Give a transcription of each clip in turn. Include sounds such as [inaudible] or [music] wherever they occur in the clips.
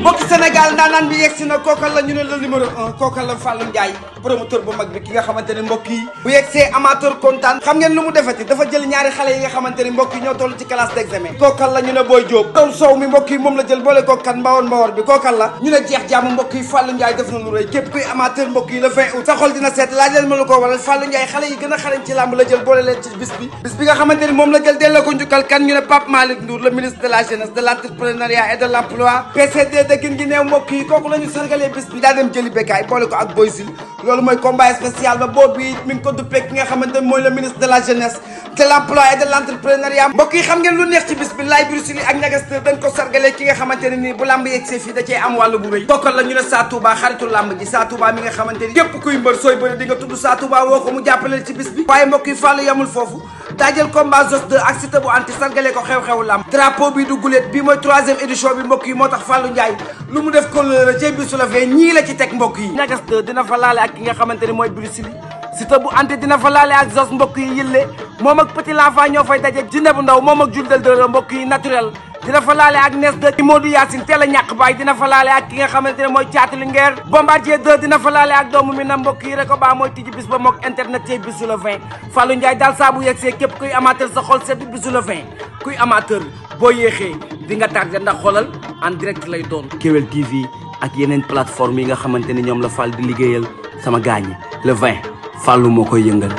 mbokki Sénégal ndaanaan bi yegg si na kookal la ñu ne la numéro un kookal la Fallou Ndiaye promoteur bu mag bi ki nga xamante ne mbokk yi bu yegsee amateur kontaan xam ngeen lu mu defati dafa jël ñaari xale yi nga xamante ne mbokk yi ñoo toll ci classe d'examen kookal la ñu ne Boy Diop doon soow mi mbokk yi moom la jël boole kookan mbawor mbawor bi kookal la ñu ne jeex jàmm na lu rëy képp kuy a xarañ ci làmb kooku la ñu sargalee bis jëli bekkaay boole ko ak Boy Sil loolu mooy combat spécial ba boobu it ngi ko duppee ki nga xamante mooy le ministre de la jeunesse de l' emploi et de l' mbokk yi xam ngeen lu neex ci bis bi laay Bruce Lee dañ ko sargalee ki nga xamante nii bu làmb yegsee fii da am wàllu bu rëy bokkal la ne Sa Touba xaritu làmb ji Sa Touba mi nga xamante ni képp kuy mbër sooy bëri di tudd Sa Touba woo ko mu jàppaleel ci bis waaye mbokk yi fàllu yamul foofu moo tax Fallou teg mbokk yi Nagastère ki nga xamante ne mooy Bruce Lee Siteu bu ante dina fa laale ak Zos mbokk yi yëlle moom ak ñoo fay daje Jinne bu ndaw moom ak Juldal Doro mbokk yi naturel dina fa laale ak Nes 2 Modou Yacine teel a ñàkk baay dina fa laale ak ki nga xamante ne mooy Thiatou Linguère Bombardier 2 dina fa laale ak doomu mi na mbokk yi rek ba mooy tijji bis ba mook internet tey bisu le 20 Fallou Ndiaye daal yegsee képp kuy amateur sa xol sedd bisu le 20 kuy amateur boo yéexee di nga tardé ndax xoolal en direct lay doon Kewel TV ak yeneen plateforme yi nga xamante ne ñoom la Fall di liggéeyal sama gaañi le 20 fàllu moo koy yëngal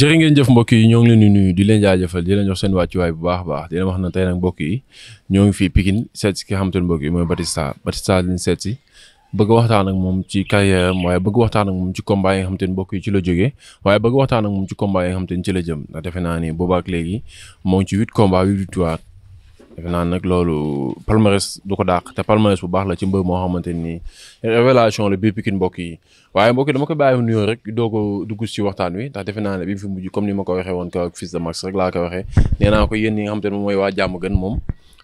jërë ngeen jëf mbokk yi ñoo ngi leen di nuyu di leen jaajëfal di leen jox seen wàccuwaay bu baax baax di leen wax na tey nag mbokk yi ñoo ngi fi Pikine seet si ki nga xamante ne mbokk yi mooy Batista Batista liñ seet si bëgg waxtaan ak moom ci carrière am waaye bëgg waxtaan ak moom ci combat yi nga xamante ni mbokk yi ci la jógee waaye bëgg waxtaan ak moom ci combat yi nga xamante ni ci la jëm ndax defe naa ni boobaak léegi moo ngi ci huit combat huit victoire defe naan nag loolu palmarès du ko dàq te palmarès bu baax la ci mbër moo xamante nii révélation la bii Pikine mbokk yi waaye mbokk dama ko bàyyi nuyoo rek doo ko dugg ci waxtaan wi ndax defe naa ne bi mu fi comme ni ma ko waxee woon kaw ak fils de rek laa ko waxee nee naa ko ne moom mooy waa jàmm moom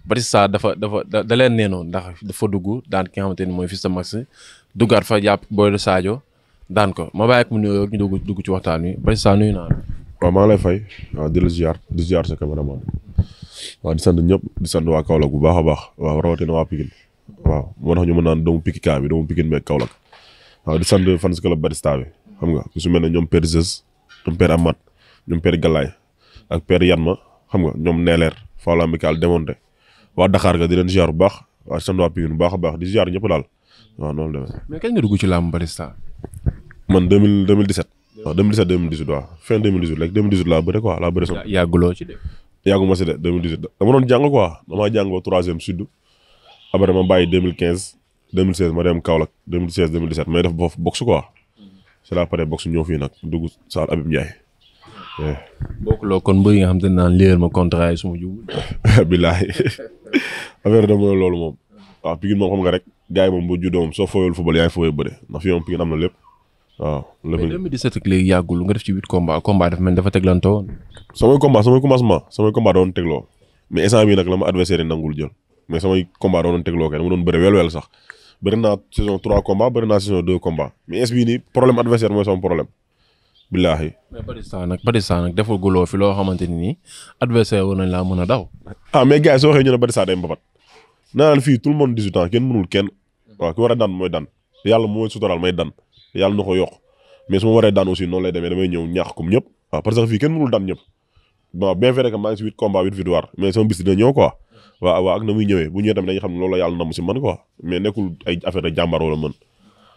Batista dafa dafa da leen neenoon ndax dafa dugg daan ki nga mooy fils de Max duggaat fa jàpp Boy de daan ko ma bàyyi ko mu dugg ci waxtaan wi Batista nuyu naa la waaw maa ngi lay fay waaw di la ziar di ziar sa cameraman waaw di sant ñëpp di sant waa Kaolack bu baax a baax waaw rawatina waa Pikine waaw moo tax ñu mën naan doomu Pikika bi doomu Pikine meeg Kaolack waaw di sant fans club bi xam nga su mel ne ñoom Père Zeus ñoom Père Amath ñoom Père Galaye ak Père Yanma xam nga ñoom Neeleer Fawla Amical démonté waa Dakar ga di leen ziar bu baax waaw di sant waa Pikine bu baax baax di ziar ñëpp daal waaw noonu la demee. mais kañ nga dugg ci yàgguma si de 2018 dama doon jàng quoi damaa jàngoo troisième sud après ma bàyyi 2015 2016 ma dem Kaolack 2016 2017 may def boof boxe quoi c'est la pare boxe ñëw fii nag dugg Saal Abib Ndiaye. bokkuloo kon mbër yi nga xam te ne naan leer ma contrat yi su ma jubul. [laughs] bilaay affaire de mooy loolu moom. waaw Pikine moom xam nga rek gars yi moom juddoo moom soo fooyul football yaa ngi fooyee bëre ndax fii moom Pikine am na lépp. waaw la mais 2017 ak léegi yàggul def ci huit combat combat dafa mel dafa teglantoo woon. samay combat samay commencement samay combat doon tegloo mais instant bii nag la ma adversaire yi nangul jël mais samay combat doon tegloo kay dama doon bëre wel wel sax fi loo xamante ni nii adversaire war a daw. ah mais gars yi soo waxee ñu ne kenn mënul kenn waaw ki war a daan mooy daan yàlla mooy suturaal may daan yàlla na ko yokk mais su ma waree daan aussi noonu lay demee damay ñëw ñaax comme ñëpp waaw ah, parce que fii kenn mënul daan ñëpp bon bien vrai que maa ngi si huit combat huit victoire mais sama bis dina ñëw quoi waaw waaw ak na muy ñëwee bu ñëwee tamit dañuy xam ne loolu la yàlla na si man quoi mais nekkul ay affaire de jàmbaar wala mën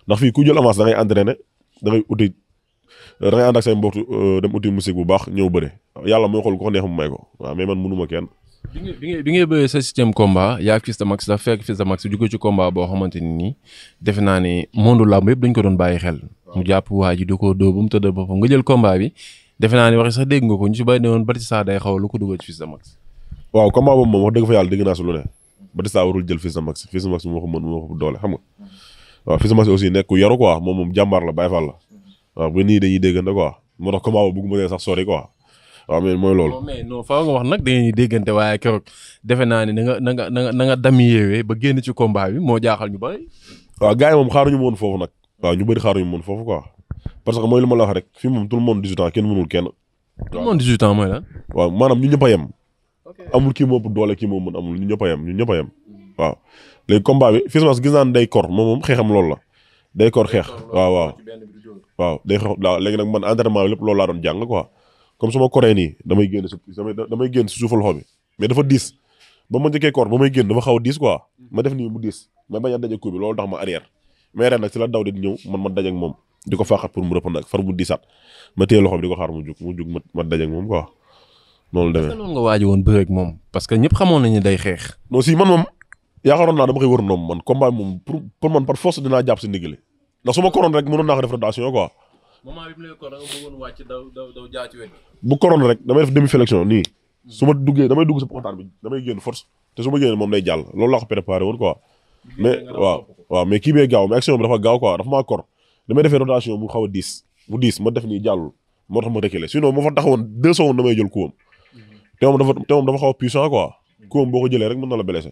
ndax fii ku jël avance da ngay entraîné da ngay uti da ngay ak say mbokk euh, dem uti musique bu baax ñëw bëre yàlla mooy xool ko neex mu ko waaw mais man mënuma kenn bi nga bi nga bi nga bëyee sa système combat yaa Fils de Max fekk Fils de ci combat boo xamante ni nii defe naa ne monde làmb yëpp dañ ko doon bàyyi xel. mu jàpp waa ji du ko dóor ba mu tëdd boppam nga jël combat bi defe naa ne waxe sax dégg nga ko ñu si bàyyi ne woon Batista day xaw lu ko dugal ci Fils de Max. waaw combat boobu moom wax dëgg fa yàlla dégg naa su lu ne Batista warul jël Fils de Max Fils de Max moo ko mën moo ko doole xam nga waaw Fils aussi nekk ku yaru moom moom jàmbaar la Baay Faal la waaw ba nii dañuy déggante quoi moo tax combat boobu bëgg ma waaw mais mooy loolu. mais non nga wax nag da ngeen déggante waaye keroog defe naa ne na nga na nga na nga dam yeewee ba génn ci combat bi moo jaaxal ñu bari. waaw gars yi moom xaaruñu woon foofu nag. waaw ñu bëri xaaruñu woon foofu quoi parce que mooy li ma la wax rek fii moom tout le monde 18 ans kenn mënul kenn. tout le monde 18 mooy lan. waaw maanaam ñu ñëpp yem. amul kii moo ëpp doole kii moom mën amul ñu ñëpp yem ñu ñëpp a yem waaw léegi combat bi Fils Basse gis naa ne day kor moom moom xeexam loolu la day kor xeex waaw waaw waaw day xeex léegi nag man entraînement bi lépp loolu laa doon comme su ma koree nii damay génn si damay génn si suufu loxo bi mais dafa diis ba ma njëkkee koor ba may génn dafa xaw a diis quoi ma def nii mu diis ma bañ a daje coup bi loolu tax ma mu diisaat ma téye loxo bi di ko xaar mu jug ma ma moom quoi noonu demee noonu nga waaji woon bëreeg moom parce que ñëpp xamoo nañu day xeex non si man moom yaakaaroon naa dama koy wër noom man combat moom pour man par force dinaa jàpp si ndigali ndax su ma koroon rek moment bi mu lay ko da nga bëggoon wàcc bu koroon rek damay def demi sélection nii su ma duggee damay dugg sa waxtaan bi damay génn force te su ma génn moom day jàll loolu laa ko préparé woon quoi mais waaw waaw mais kii bee gaaw mais action bi dafa gaaw quoi dafa maa kor damay defee rotation bu xaw a diis bu diis ma def nii jàllul moo tax ma reculer sinon ma fa taxawoon deux secondes damay jël kuwam mm-hmm. te moom dafa te moom dafa xaw a puissant quoi kuwam boo ko jëlee rek mën na la blessé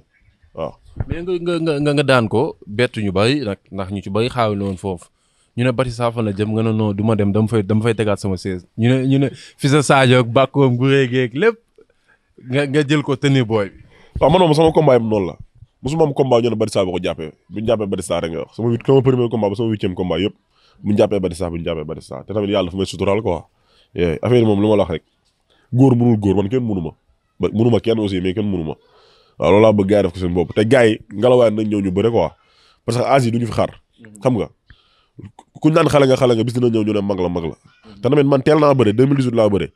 waaw mais nga nga nga nga daan ko bettuñu bay nag ndax ñu ci bay xaawil woon foofu ñu ne Batista fan la jëm nga ne non du ma dem dama fay dama fay tegaat sama siège ñu ne ñu ne fi sa bàkkoom gu réegeeg lépp nga nga jël ko tenir booy bi. ma man moom sama combat la mosuma am combat ñu ne Batista ba ko jàppee bu ñu jàppee Batista rek nga wax sama sama premier combat ba sama huitième combat yëpp te tamit yàlla fu may suturaal quoi eh, affaire yi moom lu ma la wax rek góor mënul góor man kenn mënu ma kenn aussi mais kenn mënu ma waaw loolu laa bëgg gars yi def ko seen bopp te gars yi ngelawaay nañ ñëw ñu bëre quoi parce que Asie du ñu fi nga kuñ naan xale nga xale nga bis dina ñëw ñu mag la mag la te tamit man teel naa bëre 2018 laa bëre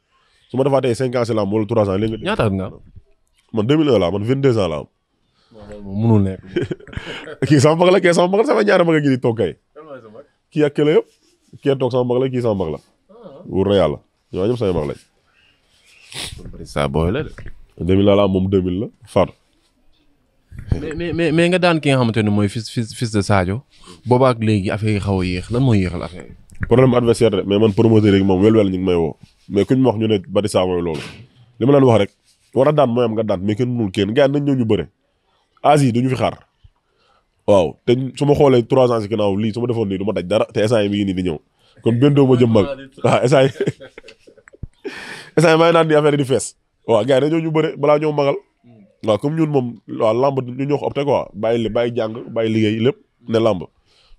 su ma defaatee cinq ans si làmb wala trois ans léegi nga ñaata nga man [laughs] kii sama mag la kii sama mag la sama a ngi di toog kay kii ak kële yëpp la kii sama la ah. wóor na yàlla ñoo ñëpp sama mag lañ sa booy la de 2000 laa moom am mil la faatu mais mais mais nga daan ki nga xamante ne mooy fils fils fils de Sadio. boobaak léegi affaire yi xaw a yéex mooy yéexal affaire yi. problème adversaire rek mais man promoteur rek moom wel ñu may woo mais kuñ ma wax ñu ne bari saa mooy loolu. li ma leen wax rek war a daan mooy am nga daan mais kenn mënul kenn gars nañ ñëw ñu bëre. Asie duñu fi xaar. waaw te su ma xoolee trois ki na ginnaaw lii su ma defoon lii du ma daj dara te instant yi mi ngi nii di ñëw kon benn doo ma jëm mag ñu bëre balaa ñoo magal waaw comme ñun moom waaw lamb ñu ñoo ko opté quoi bàyyi li bàyyi jàng bàyyi liggéey lépp ne lamb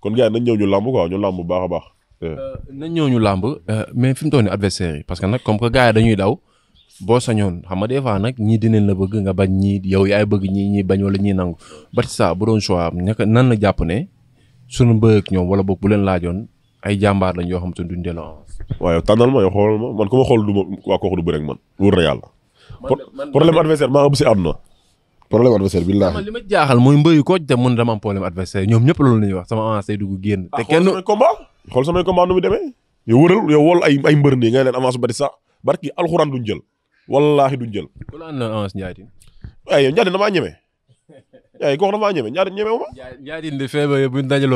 kon gars yi nañ ñëw ñu lamb quoi ñu lamb bu baax baax. Eh. Euh, nañ ñëw ñu lamb euh, fi mu toll nii adversaire parce que nag comme que gars yi daw boo sañoon xam nga des fois nag ñii dinañ la bëgg nga bañ ñii yow yaay bëgg ñii ñii bañ wala ñii nangu Batista bu doon choix am ñaka nan la jàpp ne sunu mbëg ñoom wala boog bu leen laajoon ay jàmbaar lañ yoo xam te duñ delloo. waaw yow tànnal ma yow xoolal ma man ku ma xool du ma waa kooku du bëri ak man wóor na yàlla problème adversaire maa ëpp si àdduna problème adversaire bi laa. li ma jaaxal mooy mbëri ko te mën dama am problème adversaire ñoom ñëpp loolu la ñuy wax sama avance day dugg génn. Ah, te kenn xool samay combat xool samay combat nu mu demee. yow wëral yow wol ay ay mbër nii nga leen avance bari sax barki alxuraan duñ la àndoon avance Ndiaye. waaye yow Ndiaye ma. Ndiaye Tine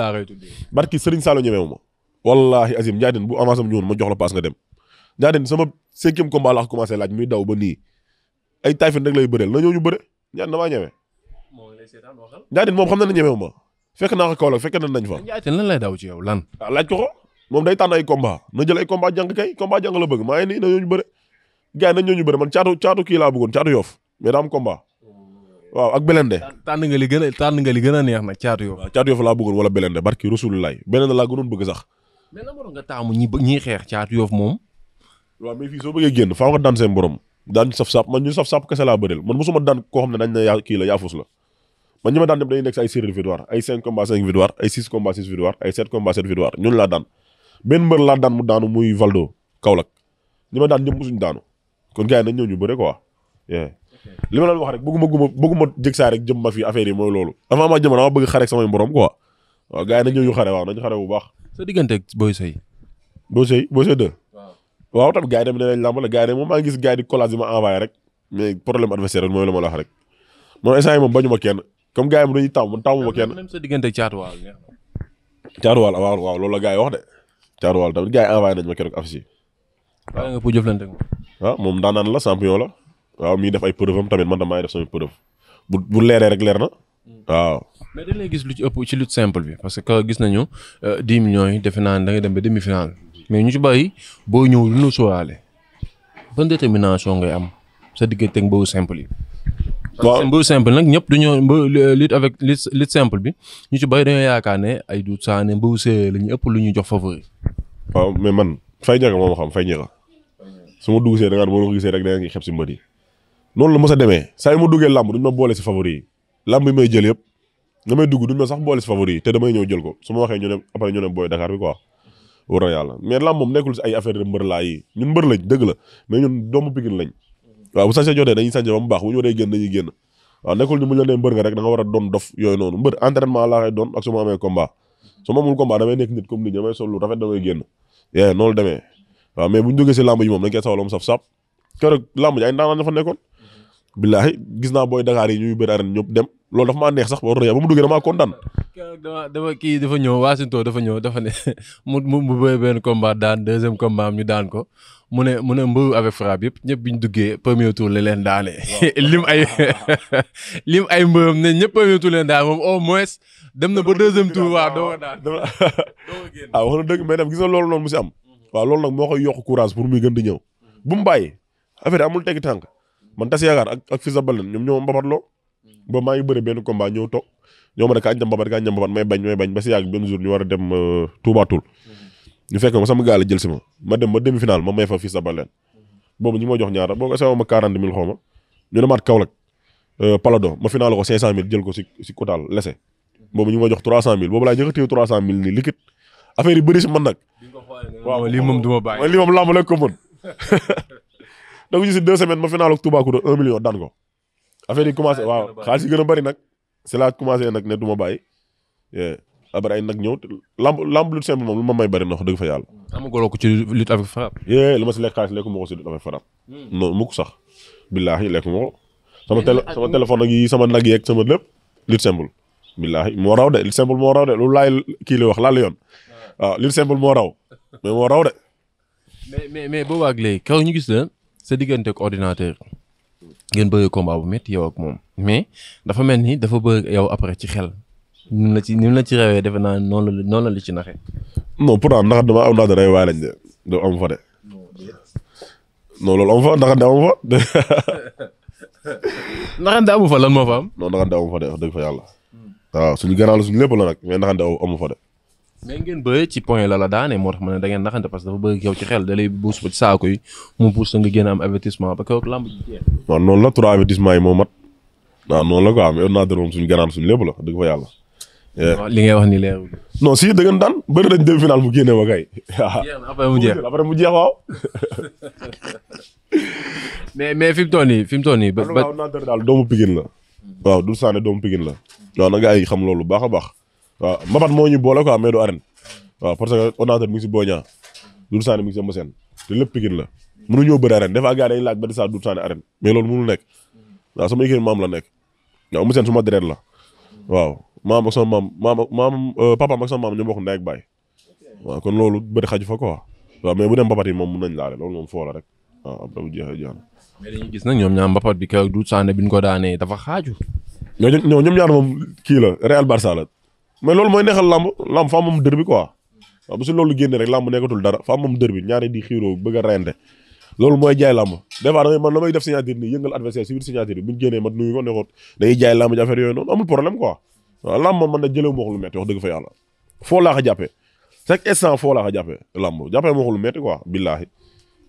laa koy tuddee. barki Serigne Sallou ñeme wu ma. wallaahi Azim Ndiaye Tine bu avance am ñëwoon ma la paas laa commencé laaj muy daw ba nii ay Typhine rek lay bëreel na ñooñu bëre ñaan damaa ñeme. Ndiaye moom xam na ne ñemewu ma fekk naa ko Kaolack fekk nañ fa. Ndiaye lan lay daw ci yow lan. Ah, laaj ko moom day tànn ay combat na jël ay combat jàng kay combat jàng la bëgg maa ngi nii na ñooñu bëre. gars yi nañ ñooñu bëre man caatu kii laa bëggoon caatu yoof mais daa am combat waaw ak Belende. tànn nga li gën a tànn nga li gën a neex nag caatu yoof. waaw caatu yoof laa bëggoon wala Belende barki Rasulullah Belende laa gënoon bëgg xeex caatu yoof moom. waaw mais fii soo bëggee génn borom daan ñu saf sapp man ñu saf sapp kese laa bëreel man mosuma daan koo xam ne dañ ne yaa kii la yaafus la man ñi ma daan dem dañuy nekk si ay série victoire ay 5 combats 5 victoire ay 6 combats 6 victoire ay 7 combats 7 victoire ñun laa daan benn mbër laa daan mu daanu muy Valdo Kaolack ñi ma daan ñëpp mosuñu daanu kon gars yi nañ ñëw ñu bëre quoi li ma leen wax rek bëgguma guma bëgguma jëg saa rek jëm ma fii affaire yi mooy loolu avant ma jëm dama bëgg xare ak samay mborom quoi waaw gars yi nañ ñëw ñu xare waaw nañ xare bu baax sa diggante ak Boy Sey Boy Sey Boy Sey 2 waaw tam gars yi tamit nee nañ làmb la gars yi moom maa ngi gis gars yi di collage moom instant yi la wax de caatuwaal tamit gars yi envoyé nañ ma kenn ak affiche yi. moom. waaw moom la champion la. waaw mi def ay preuve am tamit man tam maa ngi def samay preuve bu bu leeree rek leer na. waaw. mais dañ lay gis lu ci ëpp ci lu simple bi parce que gis nañu 10 euh, millions yi defe naa da ngay dem ba demi finale mais ñu ci bàyyi boo ñëw lu ñu sóoraale ban détermination ngay am sa diggante ak mbëru simple yi. waaw mbëru simple nag ñëpp dañoo mbë lutte avec lutte simple bi ñu ci bàyyi dañoo yaakaar ne ay du saa ne mbëru la ñu ëpp lu ñu jox favori. mais man fay ñaka moom xam fay ñaka su ma dugg see da ngaa doon gisee rek da ngi si mbër yi noonu la mu sa demee saa yu ma duggee làmb duñ ma boole si favori yi làmb yi may jël yëpp na may dugg duñ ma sax boole si favori yi te damay ñëw jël ko su ma waxee ñu ne après ñu booy Dakar bi quoi war a yàlla mais lamb moom nekkul si ay affaire de mbër laa yi ñun mbër lañ dëgg la mais ñun doomu Pikine lañ waaw bu sañse jotee dañuy sañse ba mu baax bu ñu waree génn dañuy génn waaw nekkul ñu mu la nee mbër nga rek da war a doon dof yooyu noonu mbër entraînement laa koy doon ak su ma amee combat su damay nekk nit comme nit damay sol lu rafet damay génn yee noonu demee waaw mais bu ñu jógee si lamb ji moom dañ koy sawal moom saf-saf keroog lamb billaahi gis naa booy Dakar yi ñuy bëri arène ñëpp dem loolu dafa maa neex sax ba ba dafa ñëw Wassinto dafa ne [laughs] mu mu mu bëri benn combat daan ñu daan ko mu ne mu ne yëpp ñëpp bi ñu duggee premier tour leen daane. [laughs] lim ay [laughs] lim ay mbëram ne ñëpp leen daan moom au moins na ba deuxième tour waaw doo ko daan. ah wax na dëgg mais nag gis nga loolu noonu mu si am. Mhm. waaw loolu nag moo koy yokk courage pour muy gën di ñëw. Mhm. bu mu a affaire amul teg tànk man tas yaakaar ak ak Fils de Balla ñoom ñoo mbabatloo mm. ba maa ngi bëre benn combat ñëw toog ñoo ma ne kañ dem mbabat kañ dem mbabat may bañ may bañ ba si yàgg benn jour ñu war a dem euh, Touba mm-hmm. ñu fekk ma sama gaal jël si ma ma dem ba demi final ma may lii ma bàyyi lii moom ko mën [laughs] donc ñu si deux semaines ma final ak Toubacouta un million daan ko. affaire yi waaw xaalis yi gën a bëri nag. si laa commencé nag ne du ma bàyyi. après ay nag ñëw lamb lamb lutte simple moom lu ma may bari ndox dëgg fa yàlla. amaguloo ko ci lutte avec ma si lekk xaalis lekkuma ko si lutte avec frappe. Hmm. non mukk sax. billaahi lekkuma ko. Hmm. sama hmm. télé ak yi sama nag yeeg sama lépp lutte simple. billaahi moo raw de lutte simple moo raw de lu laay kii li wax laal yoon. waaw ah, lutte simple moo raw mais moo raw de. mais mais gis la sa diggante ak ordinateur ngeen bëri combat bu métti yow moom mais dafa mel ni dafa bëri yow après ci xel ni la ci ni la ci rewee defe naa noon la noonu la li ci naxe non ndax dama am ndax day waay lañ de du am fa de. non loolu am fa ndax da fa. [laughs] naxante amu fa lan moo fa am. naxante amu fa de dëgg fa yàlla. waaw suñu gannaaw la suñu lépp la nag mais naxante amu fa de. mais ngeen bëre ci point la la daane moo tax ma ne da ngeen naxante parce que dafa bëgg yow a am avertissement moo mat waaw noonu la quoi mais ordinateur moom suñu ganaan suñu lépp la dëgg eh. li ngay wax ni leerul. non si dëggan daan bëri nañ demi final na après mu jeex [laughs] après mu jeex [laughs] mais fi mu toll nii fi mu toll nii. ba ba ordinateur daal doomu Pikine la. waaw Doudou Sané doomu Pikine la. waaw na gars yi xam loolu baax a baax. waaw mbapat moo ñu boole quoi mais du arène waaw parce que ordinateur mi ngi si mi ngi si Eumeu Sène la mënuñoo bëri arène des fois gars ba saa Doudou Sané arène mais nekk waaw la nekk waaw Eumeu Sène suma deret la waaw maam ak sama maam maam maam euh, papa ak sama maam kon loolu bëri xaju fa quoi waaw mais bu dem mbapat yi moom mën nañ laale loolu moom foo la rek waaw ab dama jeexee na dañuy gis nag ñoom ñaa mbapat bi kaw Doudou Sané bi ñu ko daanee dafa xaaju ñoo ñoom ñaar moom kii la Real Barça mais loolu mooy neexal làmb làmb fa moom dër bi quoi waaw bu si loolu génnee rek làmb nekkatul dara fa moom dër bi ñaari di xiiroo bëgg a reyante loolu mooy jaay làmb des dangay man damay def signature nii yëngal adversaire si biir signature bi bu ñu génnee ma nuyu ko ne ko jaay làmb ji affaire yooyu noonu amul problème quoi waaw man da jëlew ma wax lu wax dëgg fa yàlla foo laa ko jàppee chaque instant foo laa ko jàppee làmb jàppee ma wax lu metti quoi billaahi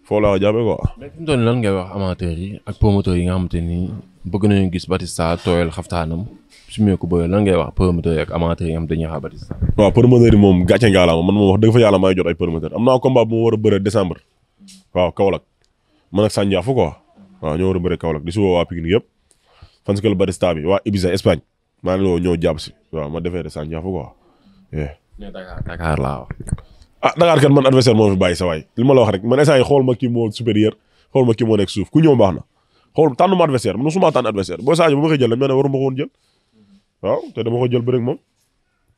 ko jàppee lan ngay wax amateurs yi yi nga xamante ni bëgg nañu gis Batista tooyal xaftaanam sumeeku ba lan ngay wax promoteur yi ak amateur nga xam dañuy xaar Batista. waaw promoteur yi moom gàcce ngaalaama man moom wax dëgg fa yàlla maay jot ay promoteur am naa combat bu ma war a bëre décembre waaw Kaolack man ak Sandiaf quoi waaw ñoo war a bëre Kaolack di si woo waa Pikine yëpp fan si Batista bi waa Ibiza Espagne maa si waaw ma defee de Sandiaf quoi. mais Dakar Dakar laa wax. ah Dakar kat man adversaire moo fi bàyyi sa waay li ma la wax rek man instant xool ma kii moo supérieur xool ma kii moo nekk suuf ku ñëw baax na xool tànn waaw te dama ko jël bëri ak moom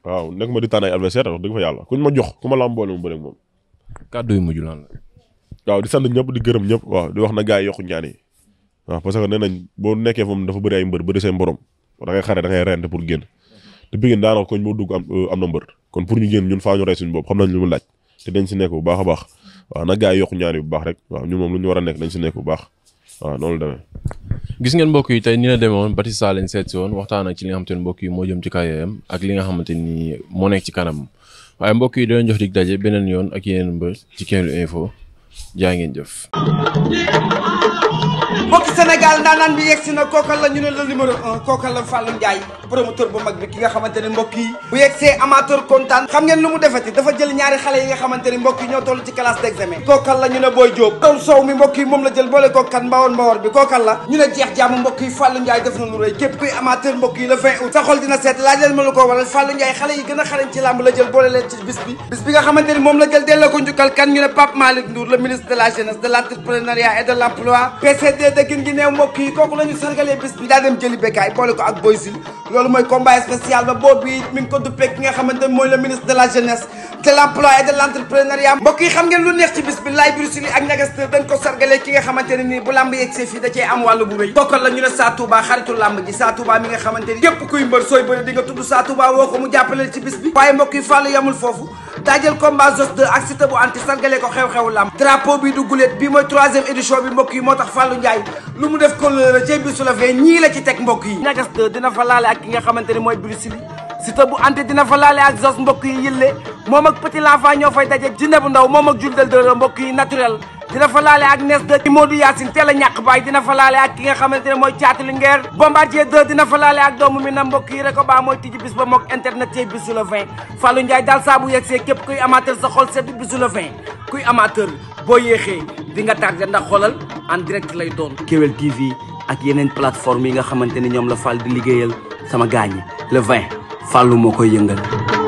waaw nekk ma di tànn ay adversaire wax dëgg fa yàlla kuñ ma jox ku ma laam boole mu bëri ak moom. kàddu yu mu lan la. waaw di sant ñëpp di gërëm ñëpp waaw di wax na gars yi yokku ñaan yi waaw parce que boo nekkee foofu dafa bëri ay mbër bëri seen borom da ngay pour génn te Pikine daanaka koñ boo euh, na mbër kon pour ñu génn ñun faa ñu rey xam nañ lu mu laaj te si nekk bu baax baax waaw na gars yi yokku ñaan yi bu baax rek waaw ñun moom lu ñu war a nekk dañ si nekk bu baax waaw noonu la gis ngeen mbokk yi tey ni la demee woon Batista leen seet woon waxtaan ak ci li nga xamante mbokk yi moo jëm ci carrière ak li nga xamante ni moo nekk ci kanam waaye mbokk yi dinañ jox dig daje beneen yoon ak yeneen mbër ci Kéwoulo Info jaa ngeen jëf. mbokki Sénégal ndaanaan bi yegsi na kookal la ñu ne la numéro un kookal la Fallou Ndiaye promoteur bu mag bi ki nga xamante ne bu yegsee amateur kontaan xam ngeen lu mu defeti dafa jël ñaari xale yi nga xamante ne mbokk yi ñoo ci classe d'examen kookal la ñu ne Boy Diop soow mi mbokk moom la jël boole kookan mbawoon mbawoon bi kookal la ñu ne jeex jàmm mbokk yi Fallou def na lu rëy képp amateur mbokk yi le 20 sa xol dina seet a xarañ ci nekkin gi neew mbokk yi kooku la ñu sargalee bés bi daa dem jëli Bécaye boole ko ak Boy loolu mooy combat spécial ba boobu it mi ngi ko duppee ki nga xamante ni mooy le ministre de la jeunesse de l'emploi et de l'entrepreneuriat yi xam ngeen lu dañ ko sargalee ki nga xamante ne nii bu làmb yegsee fii da cee am wàllu bu rëy bokkal la ñu ne Sa Touba xaritu làmb ji Sa Touba mi nga xamante ni yépp kuy mbër sooy bëri di tudd Sa Touba woo ko mu jàppale ci bis daajal combat Zoss 2 ak Siteu bu anti sargale ko xew-xewu lamb drapeau bi du guléet bi mooy troisième édition bi mbokk yi moo tax Fallou Ndiaye lu mu def kollo la cey bi su la fee ñii la ci teg mbokk yi ñagas 2 dina fa laale ak ki nga xamante ni mooy Bruce Lee bu anti dina fa laale ak Zoss mbokk yi moom ak Petit Lafa ñoo fay daje jinne bu ndaw moom ak juldel de mbokk yi naturel dina fa laale ak Nes 2 ci Modou Yacine teel a ñàkk baay dina fa ak ki nga xamante ne mooy caati Linguère Bombardier 2 dina fa ak doomu mi na mbokk yi rek ko baa mooy tijji bis ba mook internet tey bisu le 20 Fallou Ndiaye daal saa bu yegsee képp kuy amateur sa xol sedd bisu le 20 kuy amateur boo yéexee di nga tardé ndax xoolal en direct lay doon Kewel TV ak yeneen plateforme yi nga xamante ne ñoom la Fall di liggéeyal sama gaañi le 20 Fallou moo koy yëngal